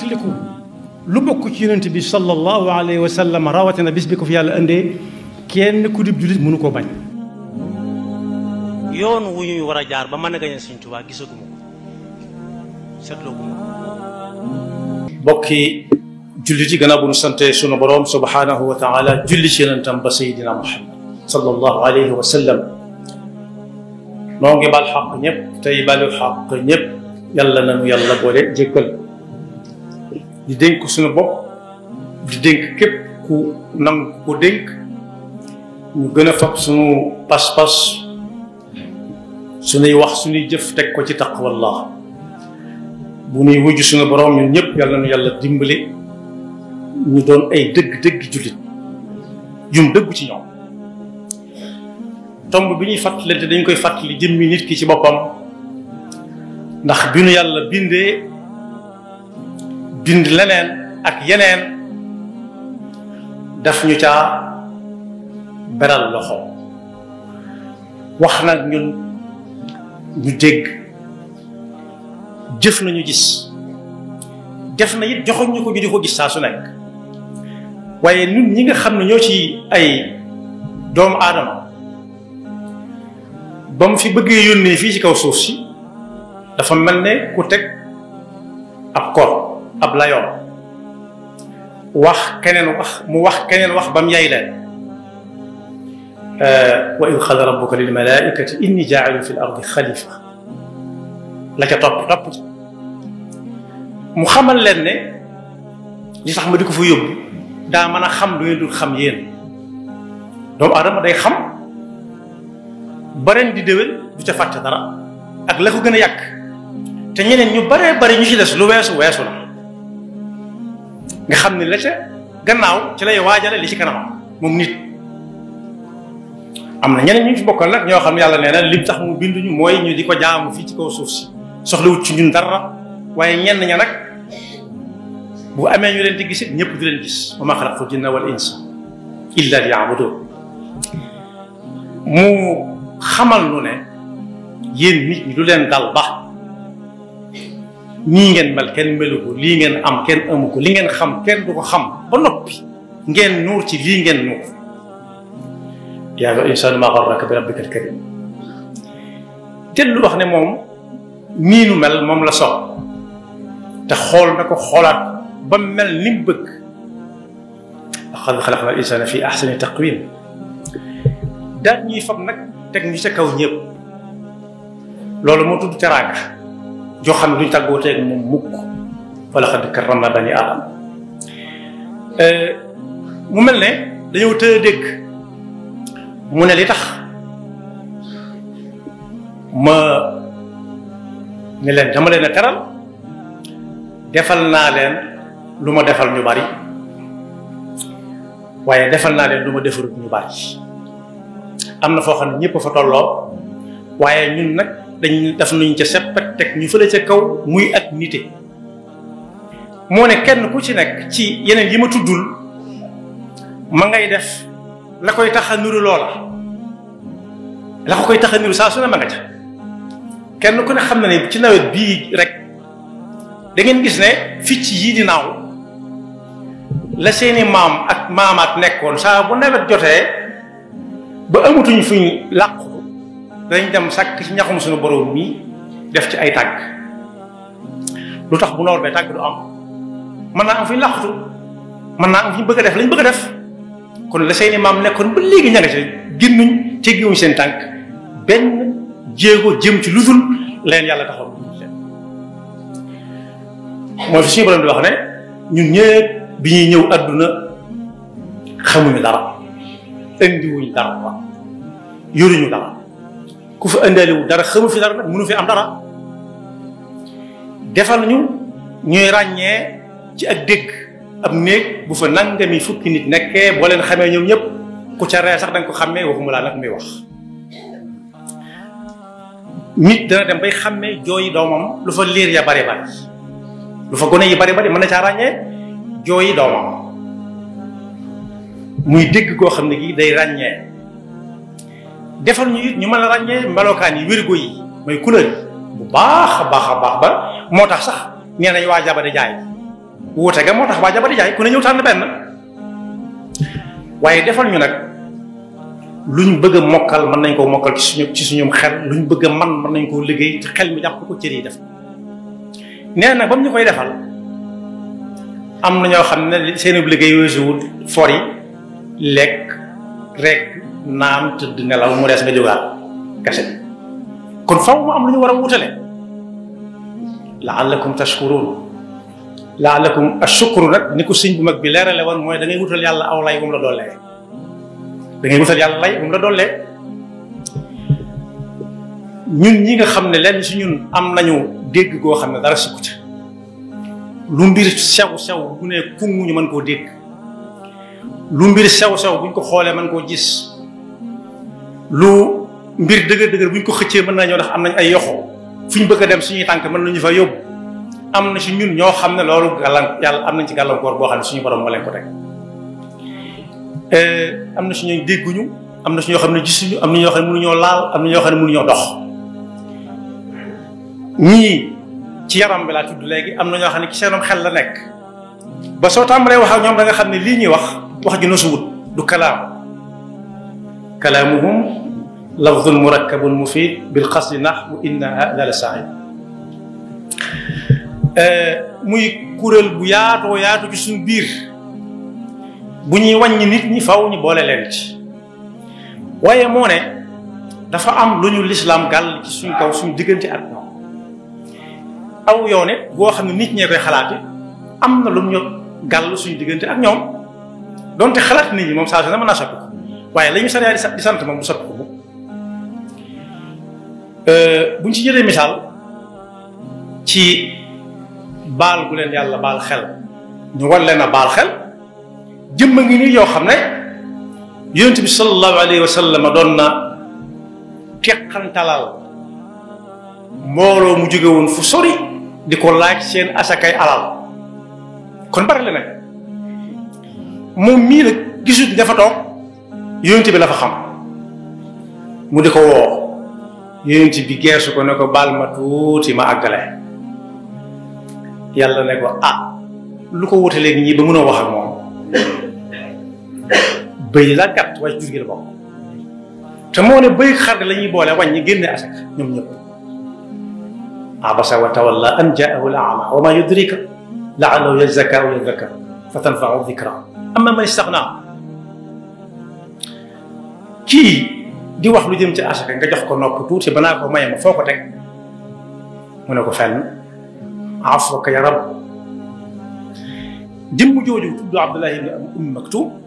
fàttaliku lu bokku ci yonent bi sallallahu alayhi wa sallam rawatina bis bi ko fi yàlla ande kenn ku dib julit mënu ko bañ. yoon wu ñuy wara jaar ba man a gañe seigne touba gisaguma ko setlo ko. bokki jullit yi gannaaw bu ñu sante sunu borom subhanahu wa taala julli ci yonentam ba sayyidina Muhammad sallallahu alayhi wa sallam noo ngi baal xaq ñëpp tey baalu xaq ñëpp yàlla nañu yàlla boole jëkkal. di dénk suñu bopp di dénk képp ku nangu ku dénk ñu gën a fab suñu pas-pas suñuy wax suñuy jëf teg ko ci taqwallah bu nuy wujj suñu borom ñun ñëpp yàlla nu yàlla dimbali ñu doon ay dëgg-dëgg jullit jum dëggu ci ñoom tomb bi ñuy fàttali te dañ koy fàttali jëmmi nit ki ci boppam ndax bi nu yàlla bindee dindi leneen ak yeneen daf ñu caa beral loxo wax nag ñun ñu dégg jëf nañu gis def na yit joxoñ ko ñu di ko gis saa su nekk waaye ñun ñi nga xam ne ñoo ci ay doomu aadama ba mu fi bëggee yónnee fii ci kaw suuf si dafa mel ne ku teg ab kor ab layoon wax keneen wax mu wax keneen wax ba mu yay leen wa id xala rabuka lil malaikati inni jaailun fi l ardi xalifa la ca topp topp mu xamal leen ne li tax ma di ko fa yóbbu daa mën a xam lu ngeen dul xam yéen doomu aadama day xam bareen di déwén du ca fàtte dara ak la ko gën a yàgg te ñeneen ñu baree bari ñu ci des lu weesu weesu la nga xamni la ca gannaaw ci lay waajale li ci kanam moom nit am na ñeneen ñu ci bokkal nag ñoo xam yàlla nee na li tax mu ñu mooy ñu di ko jaamu fii ci kaw suuf si soxlawut ci ñun dara waaye ñenn ña nag bu amee ñu leen di gis ñëpp di leen gis wa ma xalaqtu jinna wal insa illa liyabudu mu xamal nu ne yéen nit ñi du leen dal bax nii ngeen mel kenn melu ko lii ngeen am kenn amu ko li ngeen xam kenn du ko xam ba noppi ngeen nuur ci lii ngeen nuur yaa ayyuha insaanu maa garraka bi rabbikal karim dellu wax ne moom nii nu mel moom la soxla te xool na ko xoolaat ba mel ni mu bëgg laqad xalaqna al-insaana fi ahsani taqwiim daal ñuy fab nag teg ñu ca kaw ñëpp loolu moo tudd teraanga joo xam ne duñ tàggooteeg moom mukk wala xadd karramna bani aadam euh, mu mel ne dañoo tëye dégg mu ne li tax ma ne leen dama leen a teral defal naa leen lu ma defal ñu bari waaye defal naa leen lu ma defarut ñu bari am na foo xam ne fa tolloo waaye ñun nag dañ def nuñ ca seppat teg ñu fële ca kaw muy ak nite moo ne kenn ku ci nekk ci yeneen yi ma tuddul ma ngay def la koy tax a nuru loola la koy tax a nuru saa su ne ma nga ca kenn ku ne xam na ne ci nawet bii rek da ngeen gis ne ci yii dinaaw la seeni maam ak maamaat nekkoon saa bu nawet jotee ba amatuñ ñu làqu dañ dem sàkk ci ñaxum sunu borom mii def ci ay tàgg lu tax bu noor bee tàgg du am mën naa am fi ñu làqatu naa am fi ñu bëgg a def lañ bëgg a def kon la seeni maam nekkoon ba léegi ña nga seen tànk benn jëm ci lu dul leen yàlla taxaw mooy fi suñu borom di wax ne ñun ñëpp bi ñuy ñëw àdduna xamuñu dara indiwuñu dara yoruñu dara ku fa indaaliwu dara xamu fi dara nag mënu fi am dara defal ñu ñuy ràññee ci ak dégg ab néeg bu fa nangami fukki nit nekkee boo leen xamee ñoom ñëpp ku ca ree sax danga ko xàmmee waxuma laa nag muy wax nit dana dem bay xàmmee jooyi doomam lu fa liir ya bari bari lu fa gone yi bari bari mën na caa ràññee jooyi doomam muy dégg koo xam ne gi day ràññee defal ñu it ñu mën a ràññee melokaan yi wérgo yi mooy couleur yi bu baax a baax a baax ba moo tax sax nee nañ waa jaba jaay wuute ga moo tax waa jaba di jaay ku ne ñëw tànn benn waaye defal ñu nag luñ bëgg mokkal man nañ koo mokkal ci suñu ci suñu xel luñ bëgg a man mën nañ koo liggéey ci xel mi jàpp ko cër yi def nee nag ba mu ñu koy defal am na ñoo xam ne seen liggéey weesuwul for yi lekk rekk naam tëdd nelaw mu rees nga jógaat kese kon faw mu am lu ñu war a wutale laallakum tashkuruun laallakum ashukru nag ni ko sëñ bu mag bi leerale woon mooy da wutal yàlla aw lay wum la doolee da ngay yàlla lay wum la doolee ñun ñi nga xam ne lenn si ñun am nañu dégg goo xam ne dara sikku lu mbir sew sew bu ne kungu ñu mën koo dégg lu mbir sew sew buñ ko xoolee mën koo gis lu mbir dëgër dëgër bu ñu ko xëccee mën naa ñëw ndax am nañ ay yoxo fu ñu bëgg a dem suñuy tànk mën ñu fa yóbbu am na si ñun ñoo xam ne loolu gàllan yàlla am nañ ci gàllankoor boo xam ne suñu borom moo leen euh, am na si ñooñ dégguñu am na su ñoo xam ne gisuñu am na ñoo xam ne mënuñoo laal am na ñoo dox ñii ci yaram bi laa tudd léegi am na ñoo xam ne ci seenom xel la nekk ba soo tàmbalee wax ak ñoom da nga xam ne lii ñuy wax wax ju na suwut du kalaam kalaamuhum لفظ مركب مفيد بالقصد نحو ان هذا لسعيد موي كورل بو ياتو ياتو في سون بير بو ني واني نيت ني فاو ني بولا لين سي وايي موني دا فا ام لو ني الاسلام قال سي سون كاو سون ديغنتي ات نو او يوني بو خا ني نيت ني كاي خلاتي ام نا لو ني قال سون ديغنتي ات نيوم دونت خلات ني موم سا جنا مناشاكو waye lañu sañari di sant mom bu sopp ko Euh, bu ñu ci jëlee misaal ci baal gu leen yàlla baal xel ñu war a baal xel jëmba ngi nii yoo xam ne yonent bi sallallahu alayhi wa sallam doon na teqantalal mbooloo mu jóge woon fu sori di ko laaj seen asakay alal kon bari la nag moom mii nag gisut dafa toog yonent bi la fa xam mu di ko woo yenti bi geesu ko ne ko baal ma tuuti ma àggale yàlla ne ko ah lu ko wute léegi ñii ba mën wax ak mom bëy la kat waaye jur gi bok te mo ne bëy xar lañuy bolé wañ ni génne asak ñoom ñëpp abasa wa tawalla an jaahu al ama wa ma yudrika laallahu yazakka wa yazakka fa tanfau dikra amma man istaghna ki di wax lu jëm ci asaka nga jox ko nopp tuuti ba naa ko maye ma foo ko teg mu ne ko fenn afuka ya rab jëmm jooju tudd Abdullahi ibn Ummi Maktum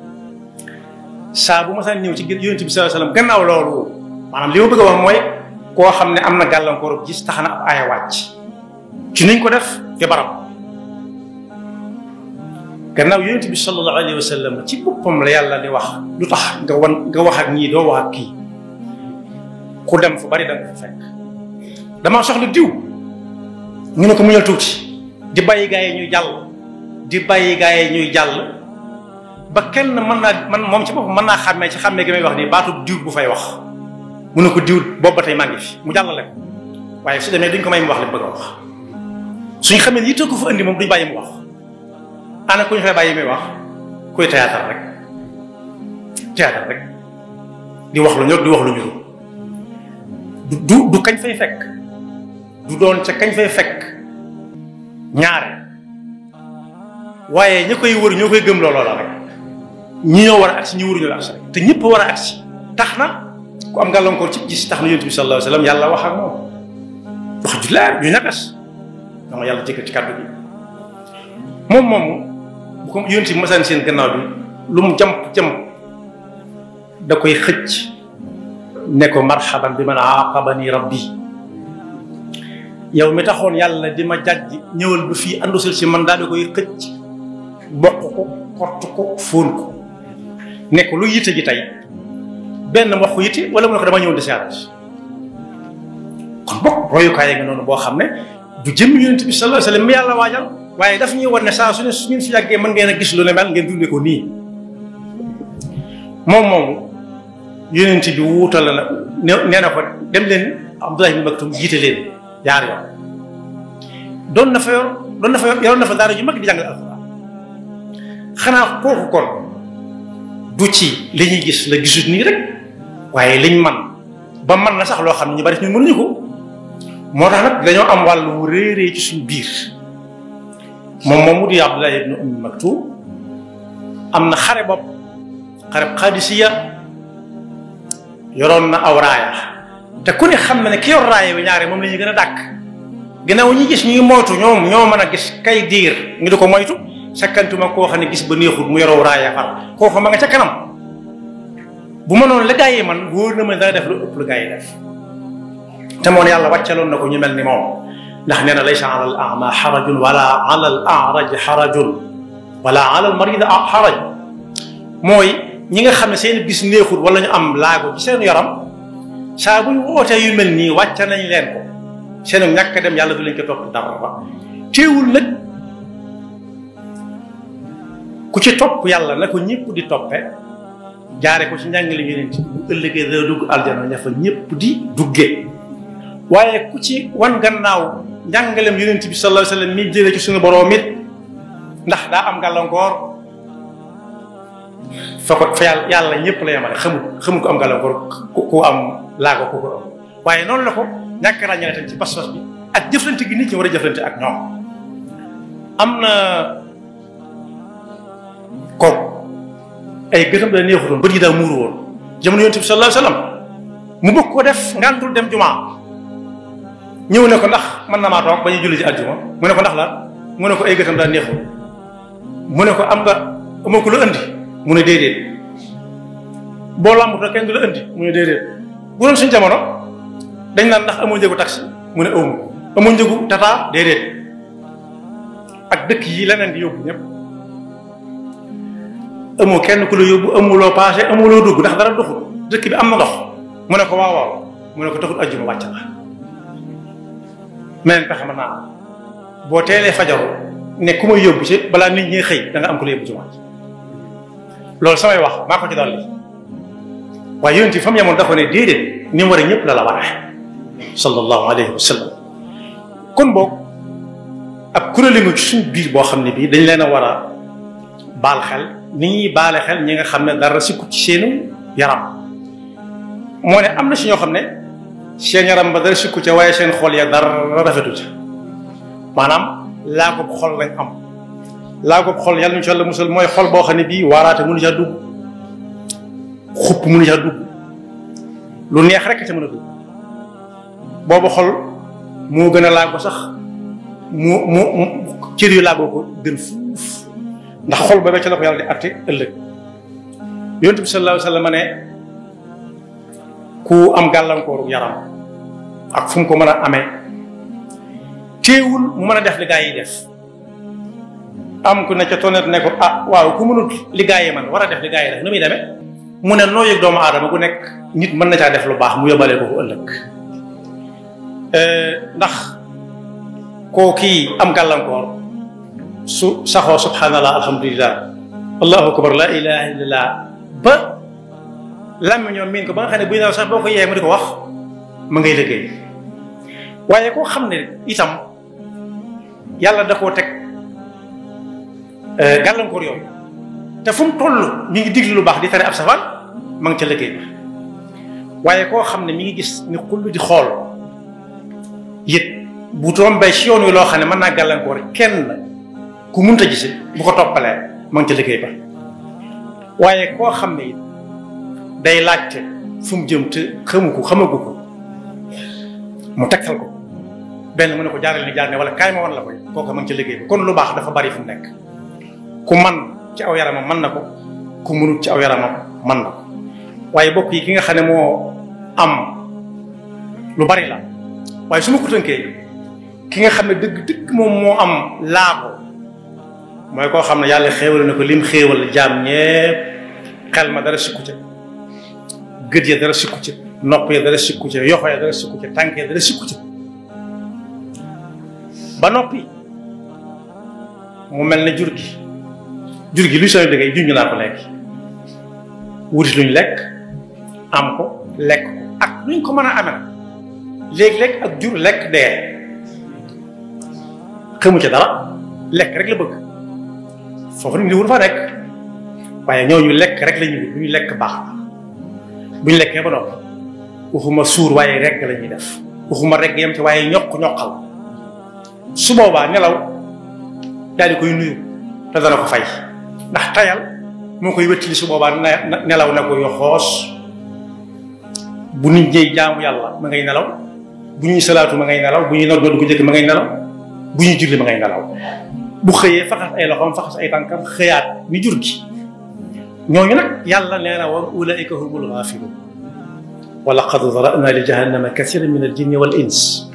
saa bu ma saan ñëw ci yonent bi sallallahu alayhi wasallam gannaaw loolu maanaam li ma bëgg a wax mooy koo xam ne am na gàllankooru gis tax na ab aaya wàcc ci nuñ ko def fi barab gannaaw yonent bi sallallahu alayhi wa sallam ci boppam di wax lu tax nga wan nga ñii doo wax ak kii ku dem fu bari da nga fa fekk dama soxla diw ñu ne ko muñal tuuti di bàyyi gaay ñuy jàll di bàyyi gaay ñuy jàll ba kenn mën naa man moom ci boppam mën naa xàmmee ci xàmmee gi may wax nii baatu diw bu fay wax mu ne ko diw boobu ba tey ngi fi mu jàllale ko waaye su demee duñ ko may mu wax li bëgg wax suñ xamee ne yitte ko fa indi duñ bàyyi mu wax ana kuñ fay bàyyi muy wax kuy théâtre rek théâtre rek di wax lu ñor di wax lu ñurul du du kañ fay fekk du doon ca kañ fay fekk ñaare waaye ñi koy wër ñoo koy gëm looloo la rek ñi ñoo war a agsi ñi wëruñu la agsi te ñëpp war a agsi tax na ku am gàllankoor ci gis tax na yonent bi sallallahu alayhi moom wax ju leer ñu nakas dama yàlla jëkkër ci kàddu bi moom moom bu masaan seen gannaaw bi lu mu jamp jamp da koy xëcc نكو مرحبا بمن عاقبني ربي يوم تخون يالا ديما جاج نيول بو في اندوسل سي من دالكو يخج بوكو كورتكو فونكو نكو لو ييتي تاي بن واخو ييتي ولا مو دا نيول دي سيارج كون بوك رويو كاي غي نونو بو خامني دو جيم يونت بي صلى الله عليه وسلم يالا واجال waye daf ñu wone sa suñu suñu fi yagge man ngeena gis lu ne mel ngeen dundé ko ni mom yonent bi wuutal na nee na ko dem leen abdullah ibn maktum jiite leen ñaar yoon doon na fa yor doon na fa yor yoroon na fa daara ju mag di jàngal alquran xanaa kooku kon du ci li ñuy gis la gisut nii rek waaye liñ man ba man na sax loo xam ne bari ñu mënuñu ko moo tax nag am wàll wu réeree ci suñu biir moom moomu di abdullah ibn maktum am xare bopp xare xaadisiya yoroon na aw raaya te ku ne xam na ne ki yor raaya bi ñaare moom la ñu gën a dàkk gannaaw ñi gis ñuy moytu ñoom ñoo mën a gis kay diir ngi di ko moytu sakkantuma koo xam ne gis ba neexul mu yoroo raaya far koo xam ma nga ca kanam bu ma noonu la gaa yi man wóor na ma dana def lu ëpp lu gaa yi def te moon yàlla wàccaloon na ko ñu mel ni moom ndax nee na laysa ala al ama xarajun wala ala al araj xarajun wala ala al marid xaraj mooy ñi nga xam ne seen bis neexut wala ñu am laago ci seen yaram saa buy wootee yu mel nii wàcc nañ leen ko seen ñàkk dem yàlla du leen ko topp dara teewul nag ku ci topp yàlla na ko ñëpp di toppe jaare ko ci njàngale yeneen ci bu ëllëgee dana dugg aljana ña fa ñëpp di duggee waaye ku ci wan gannaaw njàngalem yonent bi sallallahu alayhi wasallam mi jëlee ci suñu boroom it ndax daa am gàllankoor fa ko fa yàlla yàlla ñëpp la yemale xamul xamul ko am gàllankoor ku am laago ku ko am waaye noonu la ko ñàkk ràññale tam ci pas-pas bi ak jëflante gi nit ñi war a jëflante ak ñoom am na koog ay gëtam da neexutoon bët yi daa muuru woon jamono mu bëgg ko def ngàntul dem jumaa ñëw ne ko ndax mën na maa toog ba ñuy julli ci àjjuma mu ne ko ndax la mu ne ko ay gëtam daa neexul mu ne ko am nga amoo ko la andi mu ne déedéet boo làmbatoo kenn du la indi mu ne déedéet bu doon suñ jamono dañ naan ndax amoo njëgu taxi mu ne awma amoo njëgu tata déedéet ak dëkk yi leneen di yóbbu ñëpp amoo kenn ku la yóbbu amuloo passé amuloo dugg ndax dara doxul dëkk bi am na ndox mu ne ko waaw waaw mu ne ko taxul ajjuma wàcc la meneen pexe mën naa boo teelee fajaru ne ku may yóbbu ci balaa nit ñi xëy da nga am ku la yóbbu ci wàcc loolu samay wax maa ko ci dolli waaye yonent bi fa mu yemoon dafa ne déedéet ni war a ñëpp la la war a kon boog ab kuréel nga ci suñu boo xam ne bii dañ leen a war a baal xel ni ñuy baale xel ñi nga xam ne dara sikku ci seenu yaram moo ne am na si ñoo xam ne seen yaram ba dara sikku ca waaye seen xol ya dara rafetu ca maanaam laa ko xol lañ am laa ko xol yàlla ñu ci yàlla mooy xol boo xam ne bii waaraate mënu caa dugg xupp mënu caa dugg lu neex rek ca mën a dugg boobu xol moo gën a laago sax mu mu cër yu laagoo ko gën fuuf ndax xol ba ca la di atte ëllëg yonent bi sallallahu alayhi wa ne ku am gàllankooru yaram ak fu ko mën a amee teewul mu mën a def li gaa yi def am ku ne ca tonnet ne ko ah waaw ku mënut li man war a def li nu muy demee mu ne noo yëg doomu aadama gu nekk nit mën na caa def lu baax mu yóbbalee ko ko ëllëg euh, ndax koo kii am gàllankoor su saxoo subhanallah alhamdulilah allahu akbar la ilaha illallah ba làmmi ñoom miin ko ba nga xam buy naaw sax boo ko yee mu di ko wax ma ngay liggéey waaye koo xam ne itam yàlla da koo teg Euh, gàllankoor yooyu te fu mu ngi digli lu baax di tere ab safaan ma ngi ca liggéey bi waaye koo xam ne mi ngi gis ni xull di xool yët bu tombee si yoon wi loo xam ne mën naa gàllankoor kenn ku munta gise bu ko toppalee ma ca liggéey ba waaye koo xam ne day laajte fu mu jëm te xamu ko xamagu ko mu tegtal ko benn mu ne ko jaaral ni jaar ne wala kaay ma wan la koy kooku ma ca liggéey ba kon lu baax dafa bari fu mu nekk ku man ci aw yaramam man na ko ku mënut ci aw yaramam man na waaye bokk yi ki nga xam ne moo am lu bari la waaye su ma ki nga xam ne dëgg-dëgg moom moo am laabo mooy koo xam ne yàlla xéewal na ko lim xéewal jaam ñépp xel ma dara sikku ca gët ya dara sikku ca nopp ya dara sikku ca yoxo ya dara sikku ca tànk ya dara sikku ca ba noppi mu mel ne jur gi jur lu luy sooy liggéey junj naa ko léegi wuti luñ lek am ko lek ko ak nuñ ko meuna amal leg leg ak jur lek de xamu ci dara lek rek la bëgg fofu ñu ñi fa rek waye ñoo ñu lek rek lañu ñuy bu ñu lek baax bu ñu lekkee ba do waxuma suur waye rek lañu def waxuma rek yam ci waye ñok ñokal su boba nelaw daal di koy nuyu te dana ko fay. ndax tayal moo koy wéttali su boobaa nelaw na ko yo xoos bu nit ñëy jaamu yàlla ma ngay nelaw bu ñuy salaatu ma ngay nelaw bu ñuy nodd nodd ko njëkk ma ngay nelaw bu ñuy julli ma ngay nelaw bu xëyee faxas ay loxoom faxas ay tànkam xëyaat ni jur gi ñooñu nag yàlla nee na woon ulaika humul gaafiluun wa laqad dara'na li jahannama kathiran min al jinni wal ins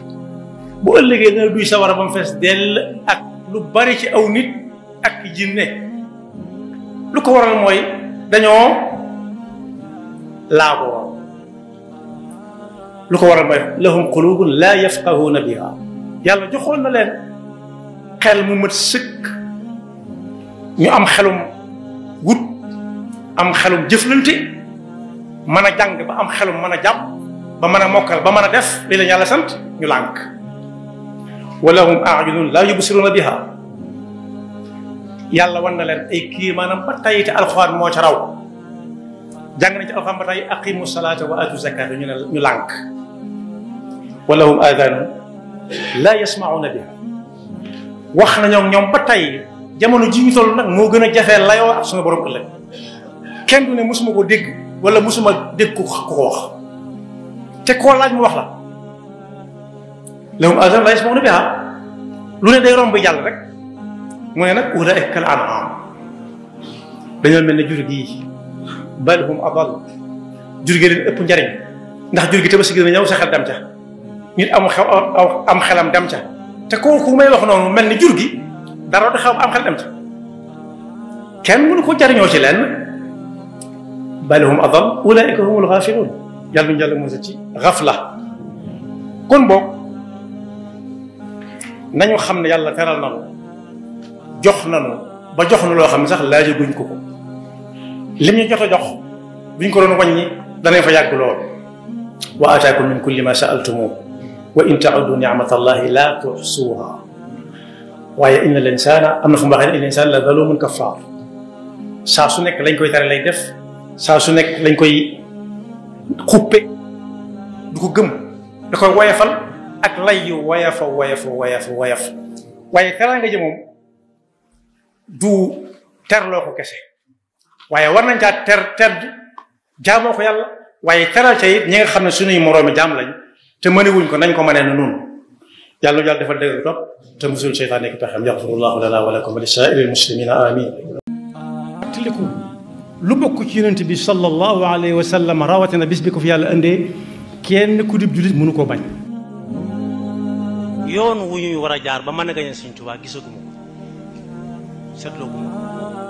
bu ëllëgee dana duy sawara ba mu fees dell ak lu bari ci aw nit ak jinne lu ko waral mooy dañoo laaboo lu ko waral mooy lahum qulubun laa yafqahuuna biha yàlla joxoon na leen xel mu mat sëkk ñu am xelum wut am xelum jëflante mën a jàng ba am xelum mën a jàpp ba mën a mokkal ba mën a def li leen yàlla sant ñu lànk wa lahum aayunun laa yubsiruuna biha yàlla wan na leen ay kii maanaam ba tey te alxuraan moo ca raw jàng nañ ci alxuraan ba tey aqimu salaata wa atu ñu lànk wala hum aadaanu laa yasmauna biha wax tey jamono ji ñu toll nag moo gën a jafee layoo ak suñu borom ëllëg kenn du ne mosuma ko dégg wala mosuma dégg ku koo laaj mu wax la lahum aadaanu laa lu ne day romb yàlla rek mu ne nag ulaa'ika kal an'aam dañoo mel ne jur gii bal hum adal jur gi leen ëpp njariñ ndax jur gi tabaski dina ñëw sa xel dem ca nit am xel am xelam dem ca te kooku may wax noonu mel ni jur gi dara du xew am xel dem ca kenn mënu ko jariñoo ci lenn bal hum adal ulaa'ika humul gaafiluun yàlla ñu yàlla mos a ci xafla kon boog nañu xam ne yàlla teral na jox ba jox na loo xam sax laaje guñ ko ko limni joxe jox buñ ko don doon da danañ fa yag lool wa ataakum min kulli ma sa'altum wa in ta'udu nicmat allahi la tuhsuha wa ya innal insana amna na fu mu waxee insana la zalumun kafar sa su nek lañ koy tare lay def sa su nek lañ koy couper du ko gëm da koy wayefal ak lay yu wayefa wayefa wayefa wayefa waye waaye nga jëm mom du terloo ko kese waaye war nañ caa ter ter jaamoo ko yàlla waaye teral ca it ñi nga xam ne suñuy moroomi jaam lañ te mënewuñ ko nañ ko mënee na noonu yàlla yàlla defal dëgg topp te musul seytaan nekk pexem yaxfirullahu lana wa lakum wa li saa'iril muslimina amin tiliku lu bokk ci yonent bi sallallahu alayhi wa sallam rawatina bis bi ko fi yàlla indee kenn ku dib julit mënu ko bañ yoon wu ñuy war a jaar ba mën a gañe Sëñ Tuubaa gisaguma Shalom.